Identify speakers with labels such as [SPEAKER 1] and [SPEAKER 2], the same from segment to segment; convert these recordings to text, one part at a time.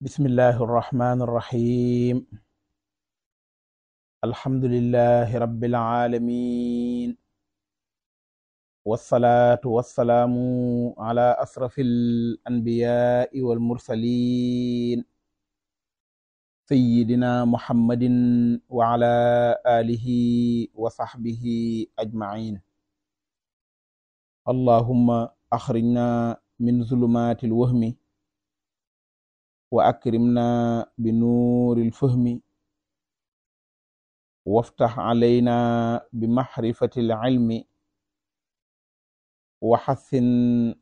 [SPEAKER 1] بسم الله الرحمن الرحيم الحمد لله رب العالمين والصلاة والسلام على أشرف الأنبياء والمرسلين سيدنا محمد وعلى آله وصحبه أجمعين اللهم أخرجنا من ظلمات الوهم وأكرمنا بنور الفهم وافتح علينا بمعرفة العلم وحسن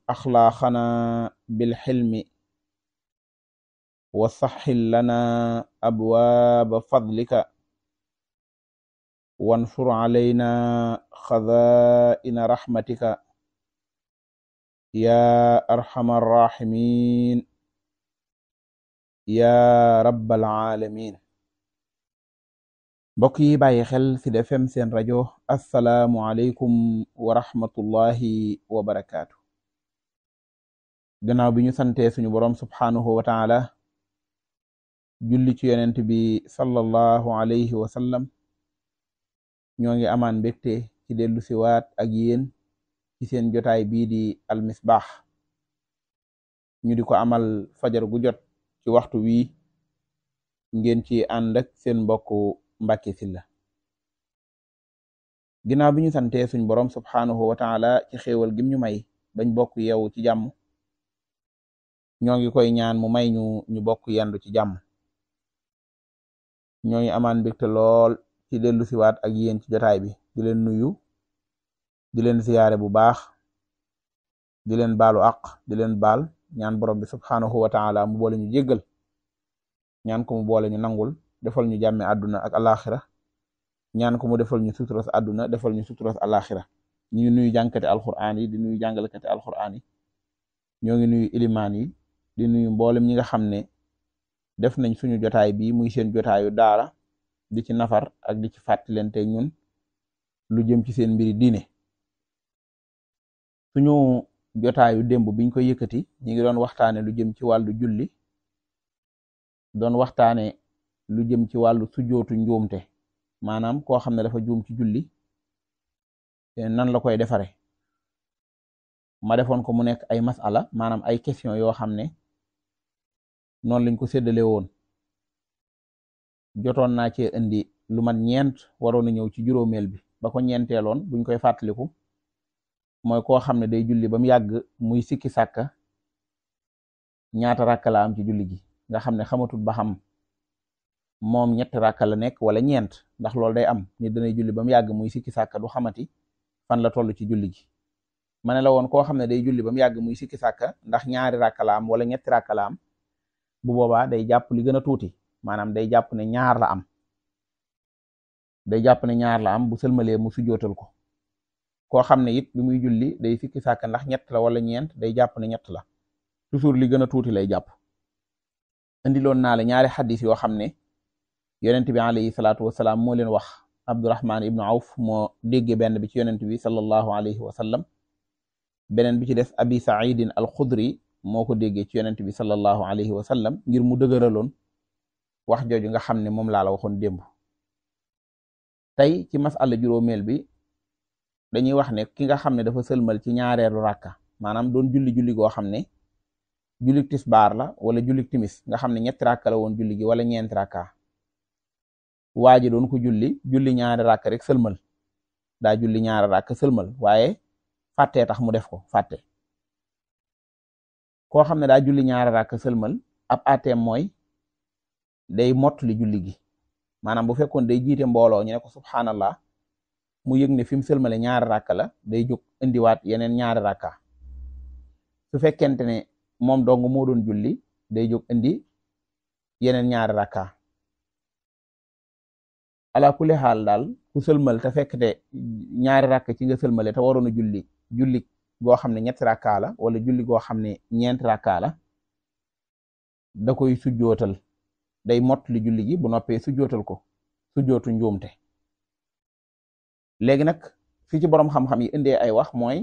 [SPEAKER 1] أخلاقنا بالحلم وسهل لنا أبواب فضلك وانشر علينا خزائن رحمتك يا أرحم الراحمين yaa rabbal aalamiin mbokk yi bàyyi xel Sud seen rajo asalaamualeykum wa rahmatullahi wa barakaatu gannaaw bi ñu santee suñu borom subhaanahu wa taala julli ci yonent bi sallallahu alayhi wa ñoo ngi amaan mbégte ci dellu siwaat ak yéen ci seen jotaay bii di almisbaax ñu di ko amal fajar gu jot ci waxtu wi ngeen ci ànd ak seen mbokk Mbàkke Sylla ginnaaw bi ñu santee suñ borom subxanahu wa taala ci xéewal gim ñu may bañ bokk yew ci jàmm ñoo ngi koy ñaan may ñu bokk yendu ci jàmm ñoo ngi amaan mbégte lool ci dellu siwaat ak yéen ci jotaay bi di leen nuyu di leen siyaare bu baax di leen baalu àq di leen baal. ñaan borom bi subxanahu wa ta'ala mu boole ñu jéggal ñaan ko mu boole ñu nangul defal ñu jàmme àdduna ak alaxira ñaan ko mu defal ñu suturas àdduna defal ñu suturas alaxira ñu nuyu jànkate alquran yi di nuyu jàngalkate alquran yi ñoo ngi nuyu ilimaan yi di nuyu mboolem ñi nga xam ne def nañ suñu jotaay bi muy seen jotaayu daara di ci nafar ak di ci fàttalante ñun lu jëm ci seen mbiri diine suñu jotaayu démb biñ ko yëkkati ñi ngi doon waxtaane lu jëm ci wàllu julli doon waxtaane lu jëm ci wàllu sujootu njuumte maanaam koo xam ne dafa juum ci julli nan la koy defare ma defoon ko mu nekk ay masala maanaam ay question yoo xam ne noonu lañ ko séddale woon jotoon naa cee indi lu mat ñeent waroon a ñëw ci juróomeel bi ba ko ñeenteeloon buñ koy fàttaliku mooy koo xam ne day julli ba mu yàgg muy sikki sàkka ñaata rakka la am ci julli gi nga xam ne xamatul ba xam moom ñetti rakka la nekk wala ñeent ndax loolu day am ni danay julli ba mu yàgg muy siki sàkka du xamati fan la toll ci julli gi ma ne la woon koo xam ne day julli ba mu yàgg muy sikki sàkka ndax ñaari rakka am wala ñetti rakka am bu boobaa day jàpp li gën a tuuti maanaam day jàpp ne ñaar la am day jàpp ne ñaar la am bu sëlmalee mu sujjootal ko koo xam ne it bi muy julli day sikki sàkk ndax ñett la wala ñeent day jàpp na ñett la toujours li gën a tuuti lay jàpp indiloon naa la ñaari xadis yoo xam ne yonent bi alayhi salaatu wasalaam moo leen wax abdurahman ibnu awf moo dégge benn bi ci yonent bi sallallahu alayhi wa sallam beneen bi ci des abi saidin al xudri moo ko déggee ci yonent bi sallallahu alayhi wa sallam ngir mu dëgëraloon wax jooju nga xam ne moom laa la waxoon démb tey ci masala juróomeel bi dañuy wax ne ki nga xam ne dafa sëlmal ci ñaareelu rakka maanaam doon julli julli goo xam ne julli tisbaar la wala julli timis nga xam ne ñetti rakka la woon julli gi wala ñeenti rakka waa ji doon ko julli julli ñaari rakka rek sëlmal daa julli ñaari rakka sëlmal waaye fàttee tax mu def ko fàtte koo xam ne daa julli ñaari rakka sëlmal ab atem mooy day mott li julli gi maanaam bu fekkoon day jiite mbooloo ñu ne ko subhanallah mu yëg ne fi mu sëlmale ñaari rakka la day jóg indiwaat yeneen ñaari rakka su fekkente ne moom dong moo doon julli day jóg indi yeneen ñaari rakka ala kulli xaal daal ku sëlmal te fekk ñaari rakka ci nga sëlmale te waroon a julli julli goo xam ne ñetti rakka la wala julli goo xam ne ñeenti rakka la da koy day mot li julli gi bu noppee sujjootal ko sujjootu njuumte léegi nag fii ci borom xam-xam yi ay wax mooy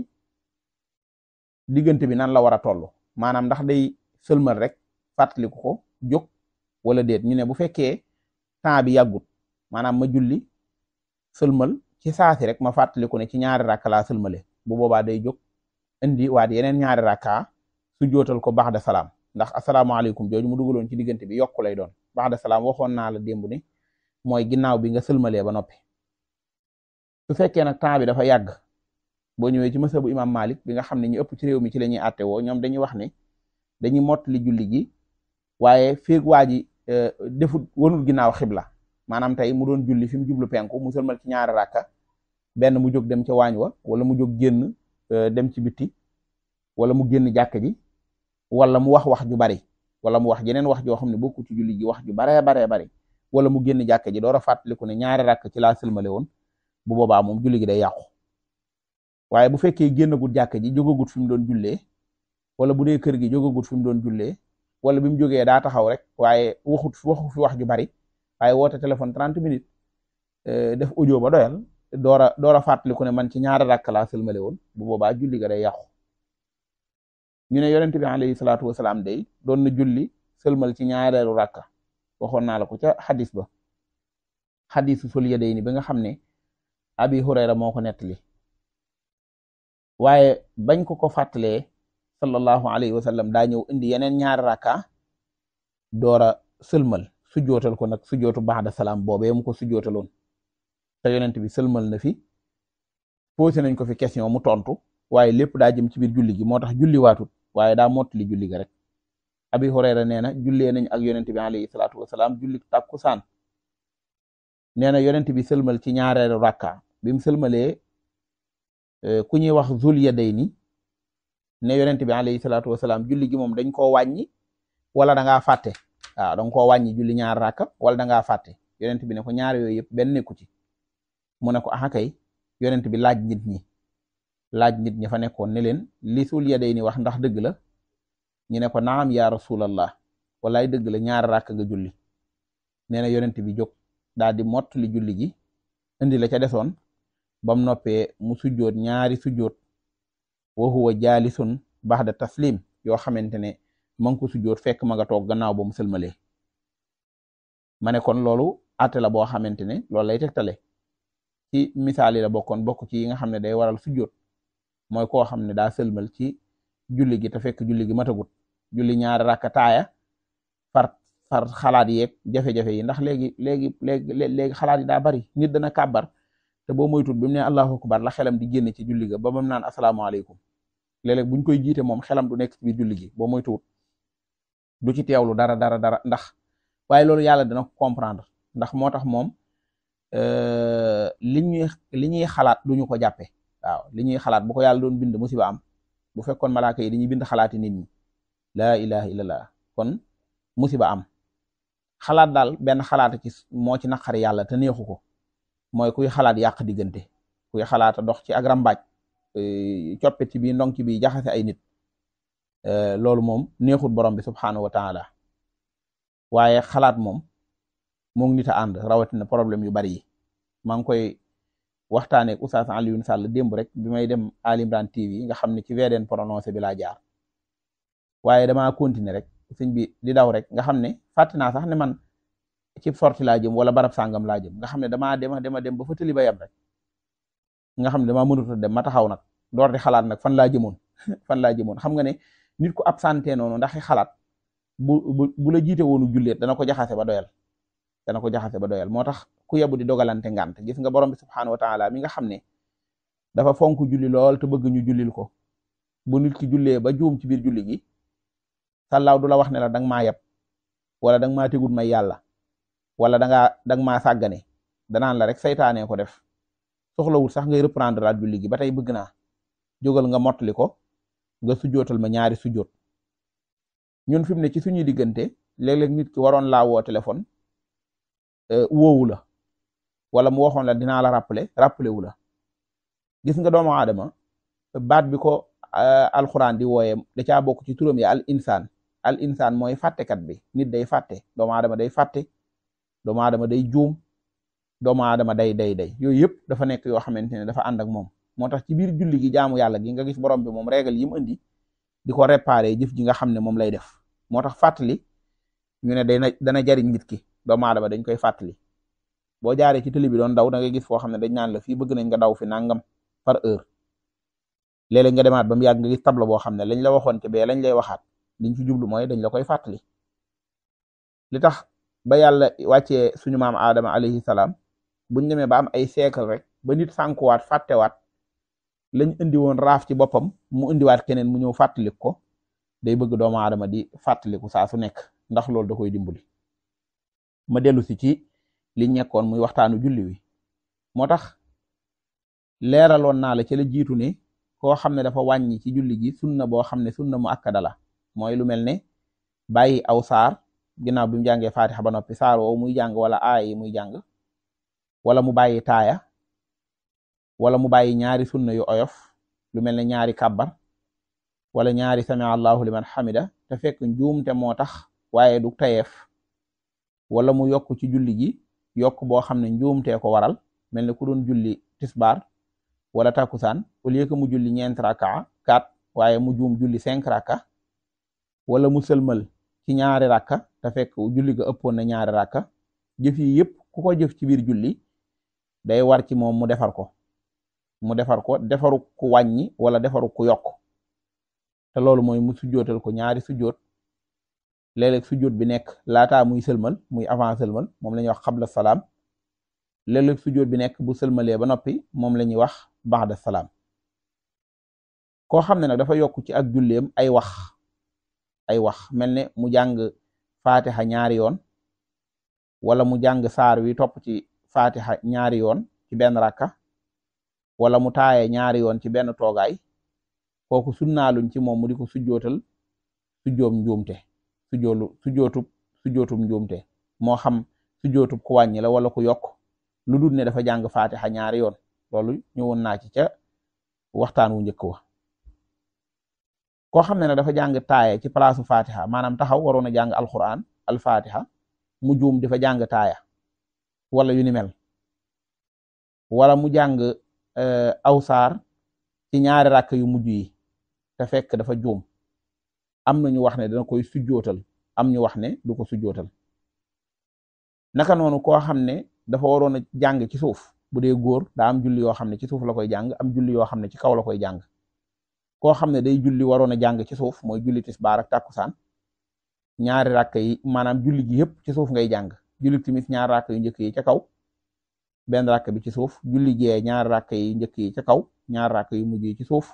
[SPEAKER 1] diggante bi nan la war a toll maanaam ndax day sëlmal rek fàttaliku ko jóg wala déet ñu ne bu fekkee temps bi yàggut maanaam ma julli sëlmal ci saasi rek ma fàttaliku ne ci ñaari rakka laa sëlmale bu boobaa day jóg indi waat yeneen ñaari rakka su jootal ko baax da salaam ndax asalaamaaleykum jooju mu dugaloon ci diggante bi yokku lay doon baax da salaam waxoon naa la démb ni mooy ginnaaw bi nga sëlmalee ba noppi. su fekkee nag temps bi dafa yàgg boo ñëwee ci masabu imam malik bi nga xam ne ñu ëpp ci réew mi ci la ñuy àtte woo ñoom dañuy wax ne dañuy mottali julli gi waaye feeg waa ji euh, defut wanul ginnaaw xibla maanaam tey mu doon julli fi mu jublu penku mu sëlmal ci ñaari rakka benn mu jóg dem ca waañ wa wala mu jóg génn euh, dem ci bitti wala mu génn jàkk ji wala mu wax wax ju bari wala mu wax jeneen wax joo xam ne bokku ci julli ji wax ju baree baree bari wa mu génn jàkk ji door a ne ñaari rakk ci laa sëlmale woon bu boobaa moom julli gi day yàqu waaye bu fekkee génnagul jàkk ji jógagut fi mu doon jullee wala bu dee kër gi jógagut fi mu doon jullee wala bi mu jógee daa taxaw rek waaye waxut waxu fi wax ju bari waaye woote téléphone 30 minutes euh, def audio ba doyal door a door a fàttaliku ne man ci ñaara rakk laa sëlmale woon bu boobaa julli ga day yàqu ñu ne yonent bi alayhi salaatu wasalaam day doon na julli sëlmal ci ñaareelu rakka waxoon naa la ko ca xadis ba xadisu sol yadayni bi nga xam ne abi hurayra moo ko nettali waaye bañ ko ko fàttalee sallallahu alayhi wa sallam daa ñëw indi yeneen ñaari rakka doora sëlmal sujjootal ko nag sujjootu ba'da salaam boobee mu ko sujjootaloon te yonent bi sëlmal na fi posé nañ ko fi question mu tontu waaye lépp daa jëm ci biir julli gi moo tax julli waatut waaye daa mottali julli ga rek abi hurayra nee na jullee nañ ak yonent bi alayhi salaatu wa salaam julli ci ñaareelu rakka bi mu sëlmalee euh, ku ñuy wax zul yadayni ne yonent bi alayhi salaatu wasalaam julli gi moom dañ koo wàññi wala da ngaa fàtte waaw wàññi julli ñaar rakka wala da fàtte yonent bi ne ko ñaar yooyu yëpp benn ci mu ne ko aha kay bi laaj nit ñi laaj nit ñi fa nekkoon ne leen li zul yadayni wax ndax dëgg la ñu ne ko naam yaa rasulallah walaay dëgg la ñaar rakka nga julli nee na yonent bi jóg daal di mott julli gi indi la ca desoon bam noppee mu sujjoot ñaari sujjoot wa huwa jaalisun baxda taslim yoo xamante ne ma ngi ko sujjoot fekk ma nga toog gannaaw ba mu sëlmalee ma ne kon loolu atte la boo xamante ne loolu lay tegtale ci misaal yi la bokkoon bokk ci yi nga xam ne day waral sujjoot mooy koo xam ne daa sëlmal ci julli gi te fekk julli gi matagut julli ñaari rakka taaya far far xalaat yeeg jafe-jafe yi ndax léegi léegi léegi léegi xalaat yi daa bari nit dana kàbbar te boo moytuwul bi mu ne allahu akbar la xelam di génn ci julli ga ba mu naan asalaamaaleykum léeg-léeg koy jiite moom xelam du nekk ci biir julli gi boo ci teewlu dara dara dara ndax waaye loolu yàlla dina comprendre ndax moo tax moom euh, li ñuy li ñuy xalaat du ñu ko jàppee waaw li ñuy xalaat bu ko yàlla doon bind musiba am bu fekkoon malaaka yi dañuy bind xalaati nit ñi laa ilaha illallah kon musiba am xalaat daal benn xalaat ci moo ci naqari yàlla te neexu ko. mooy kuy xalaat yàq diggante kuy xalaat dox ci ak rambaaj e, coppiti bi ndong ci bi jaxase ay nit e, loolu moom neexut borom bi subxanahu wa taala waaye xalaat moom mu ngi nit a ànd rawatina problème yu bari yi maa ngi koy waxtaanee ak Oustaz Alioune Sall démb rek bi may dem Ali Imran TV nga xam ne ci VDN prononcé bi jaar waaye damaa continuer rek sëñ bi di daw rek nga xam ne fàtte sax ne man. ci sorti laa jëm wala barab sàngam laa jëm nga xam ne damaa dema dema dem ba fa tëli ba yem rek nga xam ne dama mënut a dem ma taxaw nag door di xalaat nag fan laa jëmoon fan laa jëmoon xam nga ne nit ku absenté noonu ndax xalaat bu bu bula jiite woonu julleet dana ko jaxase ba doyal dana ko jaxase ba doyal moo tax ku yebu di dogalante ngant gis nga borom bi subxanahu wa taala mi nga xam ne dafa fonk julli lool te bëgg ñu jullil ko bu nit ki jullee ba juum ci biir julli gi sàllaaw du la wax ne danga maa yeb wala danga maa tegul yàlla wala da dang da nga maa sàggane danaan la rek saytaanee ko def soxlawul sax ngay reprendre raat julli gi ba tey bëgg naa jógal nga mottali ko nga sujootal ma ñaari sujoot ñun fi mu ne ci suñuy diggante léeg-léeg nit ki waroon laa woo téléphone euh, woowu la wala mu waxoon la dinaa la rappeler rapple wu la gis nga doomu aadama baat bi ko euh, alxuraan di wooyee da caa bokk ci turam ya al insaan al insaan mooy fàttekat bi nit day fàtte doomu aadama day fàtte. doomu aadama day juum doomu aadama day day day yooyu yëpp dafa nekk yoo xamante ne dafa ànd moom moo tax ci biir julli gi jaamu yàlla gi nga gis borom bi moom régal yi mu indi di ko réparé jëf ji nga xam ne moom lay def moo tax fàttali ñu ne dana dana jariñ nit ki doomu aadama dañ koy fàttali boo jaaree ci télé bi doon daw da ngay gis foo xam ne dañ naan la fi bëgg nañ nga daw fi nangam par heure léeg nga demaat ba mu yàgg nga gis tableau boo xam ne lañ la waxoon ci bee lañ lay waxaat liñ ci mooy dañ la koy fàttali ba yàlla wàccee suñu maam Adama alayhi salaam buñ demee ba ay siècle rek ba nit sànkuwaat fàttewaat lañ indi woon raaf ci boppam mu indiwaat keneen mu ñëw fàttaliku ko day bëgg doomu aadama di fàttaliku saa su nekk ndax loolu da koy dimbali ma dellu si ci li ñekkoon muy waxtaanu julli wi moo tax leeraloon naa la ci la jiitu ne koo xam ne dafa wàññi ci julli gi sunna boo xam ne sunna mu akkada la mooy lu mel ne bàyyi aw saar ginaaw bi mu jàngee fatixa ba noppi saar muy jàng wala aaya muy jàng wala mu bàyyi taaya wala mu bàyyi ñaari sunna yu oyof lu mel ne ñaari kàbbar wala ñaari sami allahu liman xamida te fekk njuumte moo tax waaye du tayeef wala mu yokk ci julli gi yokk boo xam ne njuumtee ko waral mel ne ku doon julli tisbaar wala takusaan au lieu que mu julli ñeent raka quatre waaye mu jum julli cinq raka wala mu sëlmal ci ñaari rakka te fekk julli ga ëppoon na ñaari rakka jëf yi yëpp ku ko jëf ci biir julli day war ci moom mu defar ko mu defar ko defaru ku wàññi wala defaru ku yokk te loolu mooy mu sujjootal ko ñaari sujjoot léeg-léeg sujjoot bi nekk laataa muy sëlmal muy avant sëlmal moom lañuy wax xabla salaam léeg-léeg sujjoot bi nekk bu sëlmalee ba noppi moom la ñuy wax baxda salaam koo xam ne nag dafa yokk ci ak julleem ay wax ay wax mel ne mu jàng fatiha ñaari yoon wala mu jàng saar wi topp ci fatiha ñaari yoon ci benn rakka wala mu taye ñaari yoon ci benn toogaay kooku sunnaaluñ ci moom mu di ko sujjootal sujjoom njuumte sujjoolu sujjootub sujjootub njuumte moo xam sujjootub ku wàññi wala ku yokk lu dul ne dafa jàng fatiha ñaari yoon loolu ñëwoon naa ci ca waxtaan wu njëkk wa koo xam ne ne dafa jàng taaya ci palaasu fatiha maanaam taxaw waroon a jàng alquran al fatiha mu juum dafa jàng taaya wala yu ni mel wala mu jàng eh, aw saar ci ñaari rakk yu mujj yi te fekk dafa juum am na ñu wax ne dana koy sujjootal am ñu wax ne du ko sujjootal naka noonu koo xam ne dafa waroon a jàng ci suuf bu dee góor daa am julli yoo xam ne ci suuf la koy jàng am julli yoo xam ne ci kaw la koy jàng koo xam ne day julli waroon a jàng ci suuf mooy julli tisbaar ak takkusaan ñaari rakk yi maanaam julli gi yëpp ci suuf ngay jàng julli timis ñaari rakk yu njëkk yi ca kaw benn rakk bi ci suuf julli gee ñaari rakk yi njëkk yi ca kaw ñaari rakk yu mujj yi ci suuf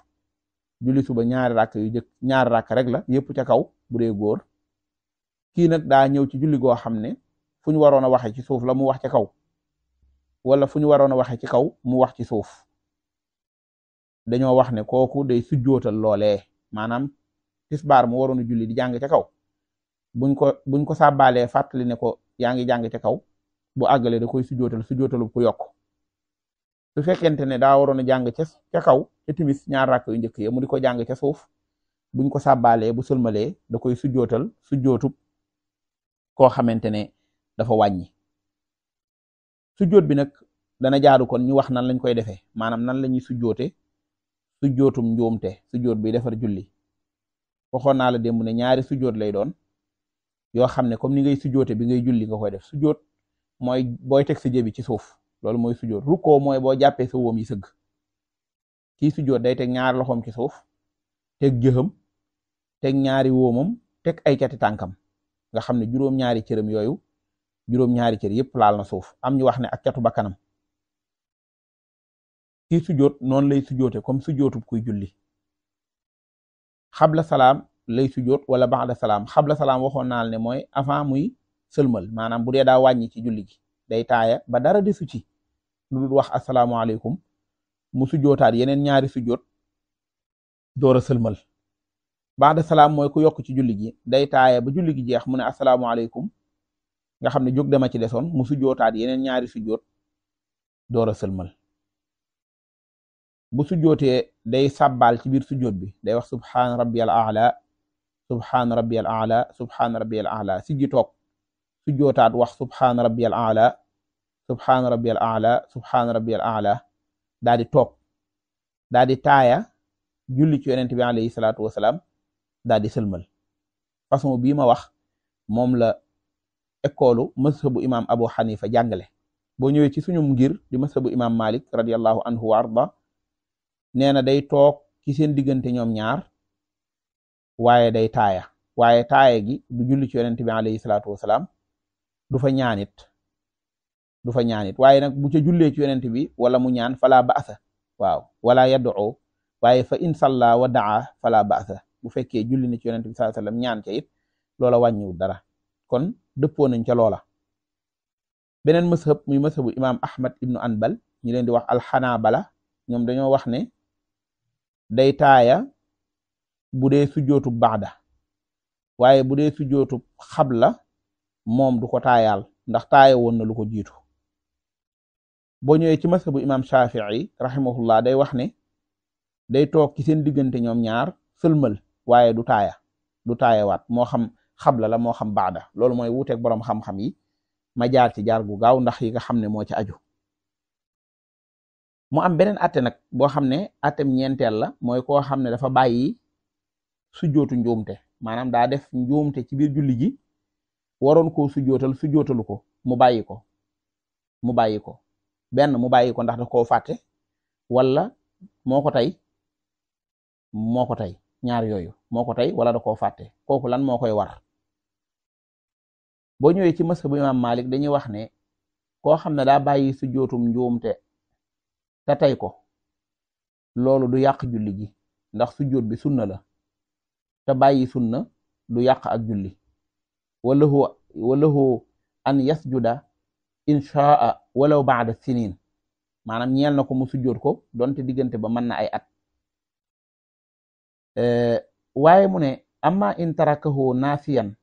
[SPEAKER 1] julli suba ñaari rakk yu njëkk ñaari rakk rek la yëpp ca kaw bu dee góor kii nag daa ñëw ci julli goo xam ne fu ñu waroon a waxee ci suuf la mu wax ci kaw wala fu ñu waroon a waxee ci kaw mu wax ci suuf. dañoo wax ne kooku day sujjootal loolee maanaam tisbaar mu waroon a julli di jàng ca kaw buñ ko buñ ko sàbbaalee fàttali ne ko yaa ngi jàng ca kaw bu àggalee da koy sujjootal sujjootalu ko yokk su fekkente ne daa waroon a jàng ca ca kaw ca ñaar rakk yu njëkk ya mu di ko jàng ca buñ ko sàbbaalee bu sëlmalee da koy sujjootal sujjootub koo xamante ne dafa wàññi sujjoot bi nag dana jaaru kon ñu wax nan lañ koy defee maanaam nan la ñuy sujjoote sujjootum njuumte sujjoot bi defar julli waxoon naa la demb ne ñaari sujjoot lay doon yoo xam ne comme ni ngay sujjoote bi ngay julli nga koy def sujjoot mooy booy teg sa jëbi ci suuf loolu mooy sujjoot rukkoo mooy boo jàppee sa woom yi sëgg kii sujjoot day teg ñaari loxoom ci suuf teg jëxam teg ñaari wóomam teg ay cati tànkam nga xam ne juróom-ñaari yooyu juróom-ñaari cër yëpp laal na suuf am ñu wax ne ak catu bakkanam kii sujoot noonu lay sujoote comme sujootub kuy julli xabla salaam lay sujoot wala baxda salaam xabla salaam waxoon naal ne mooy avant muy sëlmal maanaam bu dee daa wàññi ci julli day taaya ba dara desu ci lu dul wax asalaamualeykum mu sujootaat yeneen ñaari sujoot doora a sëlmal baxda salaam mooy ku yokk ci julli gi day taaya ba julli jeex mu ne asalaamualeykum nga xam ne jóg dama ci desoon mu sujootaat yeneen ñaari sujoot door a bu sujjootee day sàbbaal ci biir sujjoot bi day wax subhaan rabbiyal aala subhaan rabbiyal aala subhaan rabbiyal aala siggi toog wax subhaan rabbiyal aala subhaan rabbiyal aala subhaan rabbiyal aala daa toog daa taaya julli ci yonent bi alayhi salaatu wasalaam daa bii ma wax moom la ekoolu mazhabu imam Abu Xanifa jàngale boo ñëwee ci suñu ngir di mazhabu imam Malik radiyallahu anhu wa arda nee na day toog ci seen diggante ñoom ñaar waaye day taaya waaye taaya gi du julli ci yonent bi alayhi salaatu wasalaam du fa ñaanit du fa ñaanit waaye nag bu ca jullee ci yonent bi wala mu ñaan fala baasa waaw wala yad'u waaye fa in salla wa daa fala baasa bu fekkee julli na ci yonent bi sallallahu ñaan ca it loola wàññiwul dara kon dëppoo nañ ca loola beneen mashab muy mashabu imam ahmad ibnu anbal ñu leen di wax bala ñoom dañoo wax ne day taaya bu dee sujootu baada waaye bu dee sujootu xabla moom du ko taayaal ndax taaya woon na lu ko jiitu boo ñëwee ci masabu imam Shafii rahimahullah day wax ne day toog ci seen diggante ñoom ñaar sëlmal waaye du taaya du taayawaat mo xam xabla la moo xam baada loolu mooy wuuteeg boroom xam-xam yi ma jaar ci jaar gu gaaw ndax yi nga xam ne moo ci aju mu am beneen atte nag boo xam ne attem ñeenteel la mooy koo xam ne dafa bàyyi sujjootu njuumte maanaam daa def njuumte ci biir julli ji waroon koo sujjootal sujjootalu ko mu bàyyi ko mu bàyyi ko benn mu bàyyi ko ndax da koo fàtte wala mooko ko tey moo ko tey ñaar yooyu moo ko tey wala da koo fàtte kooku lan moo koy war boo ñëwee ci mashabu imaam Malik dañuy wax ne koo xam ne daa bàyyi sujjootum njuumte te tey ko loolu du yàq julli ji ndax sujjóot bi sunna la te bàyyi sunna du yàq ak julli walahu walahu an yasjuda inchaa walaw baada sinin maanaam ñeel na ko mu sujjóot ko donte diggante ba mën na ay at eh, waaye mu ne amma in tarakahu naasiyan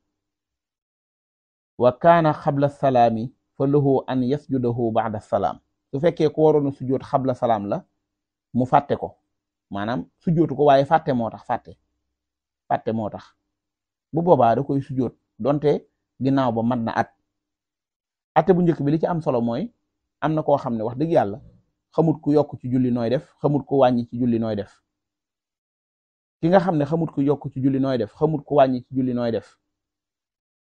[SPEAKER 1] wa kaana qabla salaami fa lahu an yasjudahu baada salaam su fekkee ku waroon a sujjoot xabla salaam la mu fàtte ko maanaam sujjootu ko waaye fàtte moo tax fàtte fàtte moo tax bu boobaa da koy sujjoot donte ginnaaw ba mat na at ate bu njëkk bi li ci am solo mooy am na koo xam ne wax dëgg yàlla xamut ku yokk ci julli nooy def xamut ku wàññi ci julli nooy def ki nga xam ne xamut ku yokk ci julli nooy def xamut ku wàññi ci julli nooy def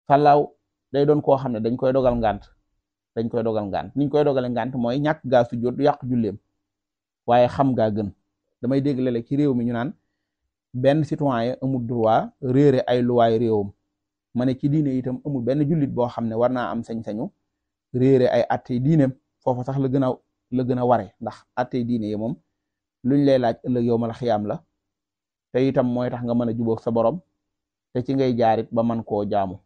[SPEAKER 1] fàllaaw day doon koo xam ne dañ koy dogal ngant dañ koy dogal ngant niñ koy dogale ngant mooy ñàkk gaa sujjóot du yàq julleem waaye xam gaa gën damay dégg léeg-léeg ci réew mi ñu naan benn citoyen amul droit réere ay luwaay réewam ma ne ci diine itam amul benn jullit boo xam ne war naa am sañ-sañu réere ay atte diineem foofu sax la gën a la gën a ware ndax atte diine yi moom luñ lay laaj ëllëg yow ma la xiyaam la te itam mooy tax nga mën a jubóog sa borom te ci ngay jaarit ba man koo jaamu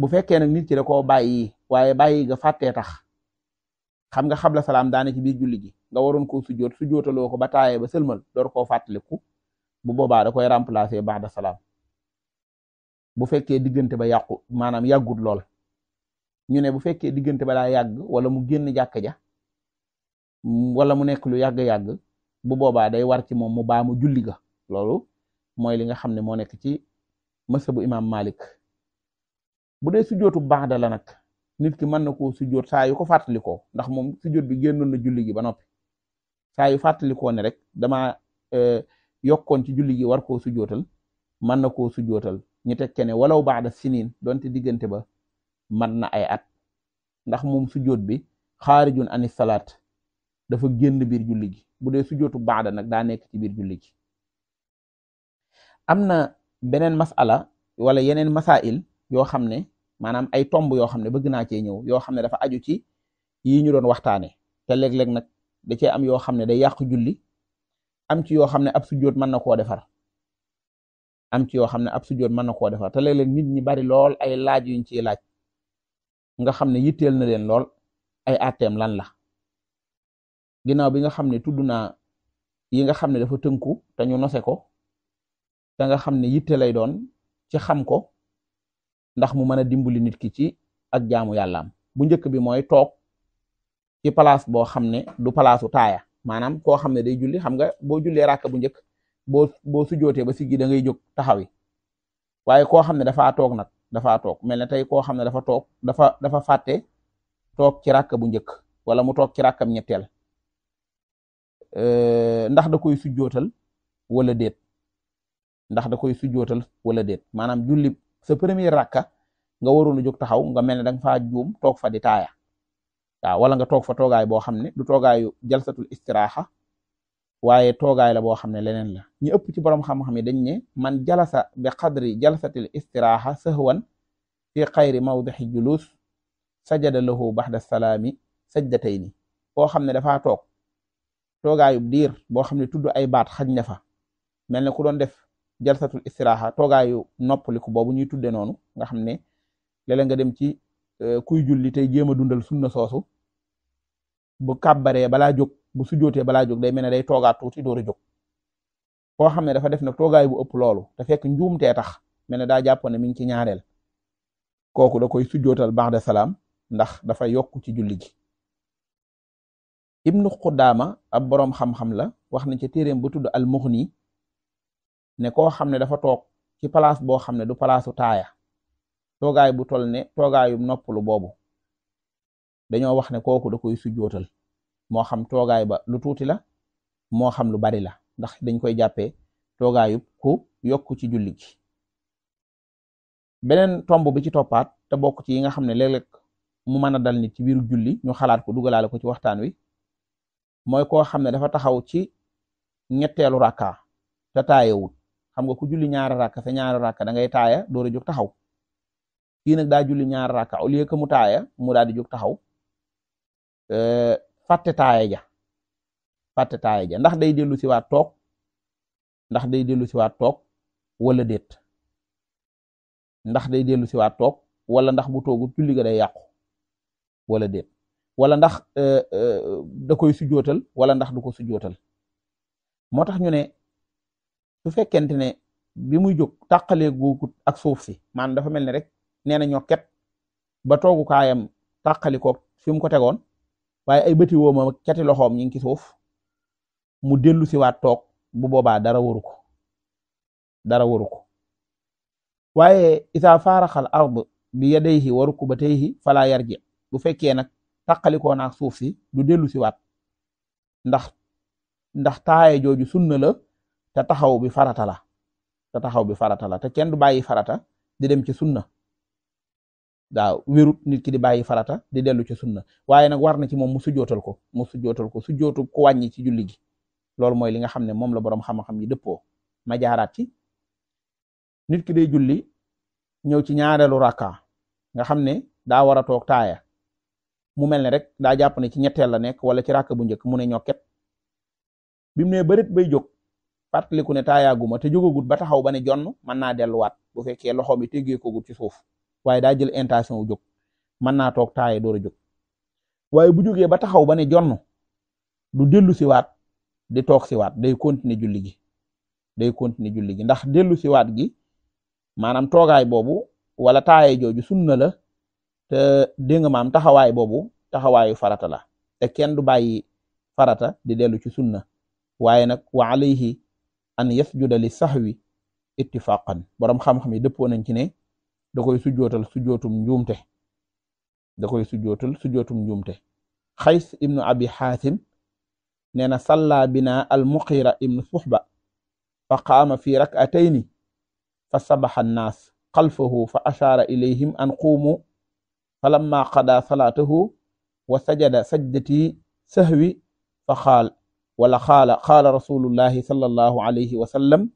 [SPEAKER 1] bu fekkee nag nit ci da ko bàyyi waaye bàyyi nga fàttee tax xam nga xabla salaam daana ci biir julli gi nga waroon koo sujjoot sujjootaloo ko ba taayee ba sëlmal door koo fàttaliku bu boobaa da koy remplacer ba'da salaam bu fekkee diggante ba yàqu maanaam yàggut lool ñu ne bu fekkee diggante ba daa yàgg wala mu génn jàkk ja wala mu nekk lu yàgg-yàgg bu boobaa day war ci moom mu baa mu julli ga loolu mooy li nga xam ne moo nekk ci mësabu imaam Malik bu dee sujjootu baada la nag nit ki mën na koo sujjoot saa yu ko fàttalikoo ndax moom sujjoot bi génnoon na julli gi ba noppi saa yu fàttalikoo ne rek dama euh, yokkoon ci julli gi war koo sujjootal mën na koo sujjootal ñu tekke ne walaw baada sinin donte diggante ba mën na ay at ndax moom sujjoot bi xaarijun ani salaat dafa génn biir julli gi bu dee sujjootu baada nag daa nekk ci biir julli gi am na beneen masala wala yeneen masail yoo xam ne maanaam ay tomb yoo xam ne bëgg naa cee ñëw yoo xam ne dafa aju ci yi ñu doon waxtaane te léeg-léeg nag da cee am yoo xam ne day yàq julli am ci yoo xam ne ab sujjóot mën na koo defar am ci yoo xam ne ab sujjóot mën na koo defar te léeg nit ñi bari lool ay laaj yuñ ciy laaj nga xam ne yitteel na leen lool ay atteem lan la ginnaaw bi nga xam ne tudd na yi nga xam ne dafa tënku te ñu nose ko ta nga xam ne yitte lay doon ci xam ko ndax mu mën a dimbali nit ki ci ak jaamu yàllaam bu njëkk bi mooy toog ci place boo xam ne du palaasu taaya maanaam koo xam ne day julli xam nga boo jullee ràkk bu njëkk boo boo sujootee ba siggi da ngay jóg taxawi waaye koo xam ne dafa toog nag dafa toog mel ne tey koo xam ne dafa toog dafa dafa fàtte toog ci ràkk bu njëkk wala mu toog ci ràkkam ñetteel ndax da koy sujootal wala déet ndax da koy sujootal wala déet maanaam julli sa premier rakka nga waroon a jóg taxaw nga mel ne da nga faa juum toog fa di taaya wala nga toog fa toogaay boo xam ne du toogaayu jalsatul istiraaxa waaye toogaay la boo xam ne leneen la ñu ëpp ci borom xam-xam yi dañ ne man jalasa bi qadri jalsatil istiraaxa sahwan fi xayri mawdixi julus sajada lahu baxda tey sajdatayni boo xam ne dafa toog toogaayu diir boo xam ne tudd ay baat xaj na fa mel ne ku doon def jalsatul istiraaxa toogaayu noppaliku boobu ñuy tudde noonu nga xam ne léeg nga dem ci euh, kuy julli tey jéem a dundal sunna soosu bu kàbbaree balaa jóg bu sujootee balaa jóg day mel ne day toogaat tuuti dooru jog koo xam ne dafa def nag toogaay bu ëpp loolu te fekk njuumtee tax mel ne daa jàppoon ne mi ngi ci ñaareel kooku da koy sujootal ba'da salaam ndax dafa yokk ci julli gi ibnu xudaama ab borom xam-xam la wax na ci téeréem bu tudd al-Mughni ne koo xam ne dafa toog ci place boo xam ne du palaasu taaya toogaay bu tol ne toogaayu noppalu boobu dañoo wax ne kooku da koy sujjootal moo xam toogaay ba lu tuuti la moo xam lu bari la ndax dañ koy jàppee toogaayub ku yokku ci julli gi beneen tomb bi ci toppaat te bokk ci yi nga xam ne léeg-léeg mu mën a dal nit ci biiru julli ñu xalaat ko dugalaale ko ci waxtaan wi mooy koo xam ne dafa taxaw ci ñetteelu rakka te taayewut xam nga ku julli ñaari rakka fe ñaari rakka taaya door a taxaw kii nag daa julli ñaari rakka au que mu taaya mu daal di taxaw fàtte taaya ja fàtte taaya ndax day dellu si toog ndax day dellu si toog wala déet ndax day dellu si toog wala ndax bu toogut day yàqu wala déet wala ndax da koy sujootal wala ndax du ko sujootal moo tax ñu su fekkente ne bi muy jóg tàqalee guugut ak suuf si maanaam dafa mel ni rek nee na ñokket ba toogu kaayam tàqali ko fi mu waaye ay bëti woomam ak cati loxoom ñu ngi ci suuf mu dellu si waat toog bu boobaa dara waru ko dara waru ko waaye isaa faaraxal ard bi yadayhi wa rukubatayhi fala yarji bu fekkee nag tàqalikoo naak suuf si du dellu si ndax ndax taaye jooju sunna la te taxaw bi farata la te taxaw bi farata la te kenn du bàyyi farata di dem ci sunna waaw wérut nit ki di bàyyi farata di dellu ci na waaye nag war na ci moom mu sujjootal ko mu sujjootal ko sujjootu ko wàññi ci julli gi loolu mooy li nga xam ne moom la boroom xam-xam yi dëppoo ma jaaraat ci nit ki day julli ñëw ci ñaareelu rakka nga xam ne daa war a toog taya mu mel ne rek daa jàpp ne ci ñetteel la nekk wala ci rakka bu njëkk mu ne ñokket bi mu ne bërit bay jog fàttaliku ne taayaaguma te jógagut ba taxaw ba ne jonn mën naa delluwaat bu fekkee loxo mi teggee ko gut ci suuf waaye daa jël intention wu jóg mën naa toog taaye door a jóg waaye bu jógee ba taxaw ba ne jonn du dellu siwaat di toog siwaat day continuer julli gi day continuer julli gi ndax dellu si waat gi maanaam toogaay boobu wala taaye jooju na la te dégg nga taxawaay boobu taxawaayu farata la te kenn du bàyyi farata di dellu ci sunna waaye nag wa alayhi an yasjuda li sahwi ittifaqan borom xam-xam yi dëppoo nañ ci ne da koy sujjootal sujjootum njuumte da koy sujjootal sujjootum njuumte xays ibnu abi xaatim nee na salla bina al muqira ibnu suxba fa qaama fi rak'atayni fa sabaxa annaas xalfahu fa ashaara ilayhim an quumu falamma qada salaatahu wa sajada sajdati sahwi fa qaal wala xaala xaala rasulullahi sallallahu alayhi wa sallam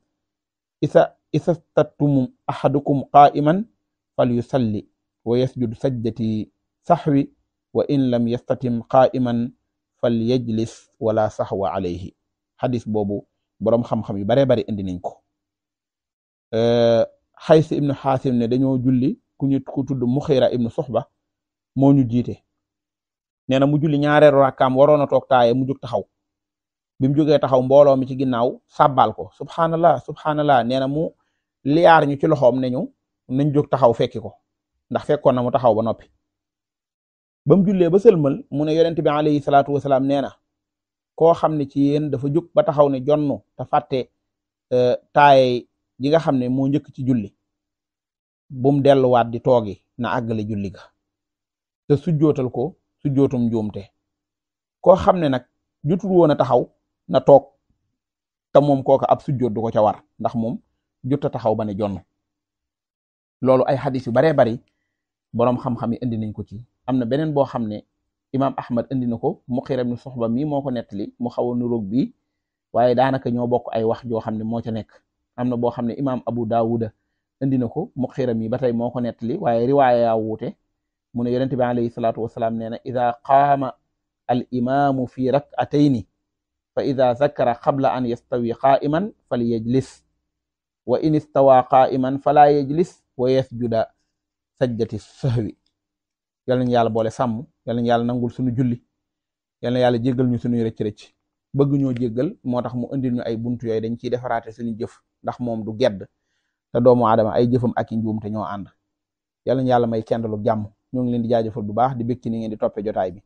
[SPEAKER 1] isa isa stattum ahadukum qaa'iman fal yusalli wa yasjud sajdati saxwi wa in lam yastatim qaa'iman fal wala saxwa alayhi xadis boobu boroom xam-xam yu baree bari indi nañ ko xays eh, ibnu xaasim ne dañoo julli ku ñu ku tudd muxira ibnu soxba moo ñu jiite nee na mu julli ñaareelu rakkaam waroon a toog mu jóg taxaw bi mu jógee taxaw mbooloo mi ci ginnaaw sàbbaal ko subhanallah subhanallah nee na mu liyaar ñu ci loxoom ne ñu nañ jóg taxaw fekki ko ndax fekkoon na mu taxaw ba noppi ba mu jullee ba sëlmal mu ne yonent bi alayhi salaatu wasalaam nee na koo xam ne ci yéen dafa jóg ba taxaw ne jonnu te fàtte e, taaye ji nga xam ne moo njëkk ci julli bum delluwaat di toogi na àggale julli ga te sujjootal ko sujjootum njuumte koo xam ne nag jotul woon a taxaw na toog te moom kooka ab sujjoot du ko ca war ndax moom jutta taxaw ba ne jonn loolu ay xadis yu baree bari boroom xam-xam yi indi nañ ko ci am na beneen boo xam ne imaam Ahmad indi na ko Muqira ibn Suhba mii moo ko nettali mu xaw a nuróog bii waaye daanaka ñoo bokk ay wax joo xam ne moo ca nekk am na boo xam ne imaam Abu Daawuda indi na ko Muqira mii ba tey moo ko nettali waaye riwaaya wuute mu ne yonente bi alayhi salaatu wasalaam nee na ida qaama al imaamu fi rakatayni fa ida zakara qabla an yastawi qaiman falyajlis wa in istawa qaiman fala yajlis wa yasjuda sajjati sahwi yal nañu yàlla boole sàmm yal nañu yàlla nangul suñu julli yal na yàlla jéggal ñu suñuy rëcc-rëcc bëgg ñoo jéggal moo tax mu indil ñu ay buntu yooyu dañ ciy defaraate suñu jëf ndax moom du gedd te doomu aadama ay jëfam ak i njuum te ñoo ànd yal nañu yàlla may kendalu jàmm ñoo ngi leen di jaajëfal bu baax di bég ci ni ngeen di toppee jotaay bi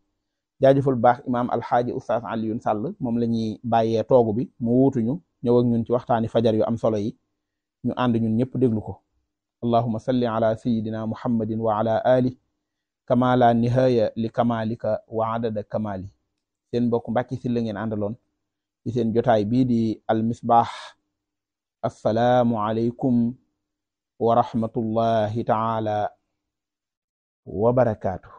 [SPEAKER 1] jaajëfal baax imaam alxaaji oustaz Alioune Sall moom la ñuy bàyyee toogu bi mu wuutuñu ñëw ak ñun ci waxtaani fajar yu am solo yi ñu ànd ñun ñëpp déglu ko allahuma salli ala sayidina muhammadin wa ala ali nihaya li kamalika wa adada kamali seen mbokk Mbàkke Sylla ngeen àndaloon ci seen jotaay bii di al misbaax assalaamu aleykum wa rahmatullahi taala wa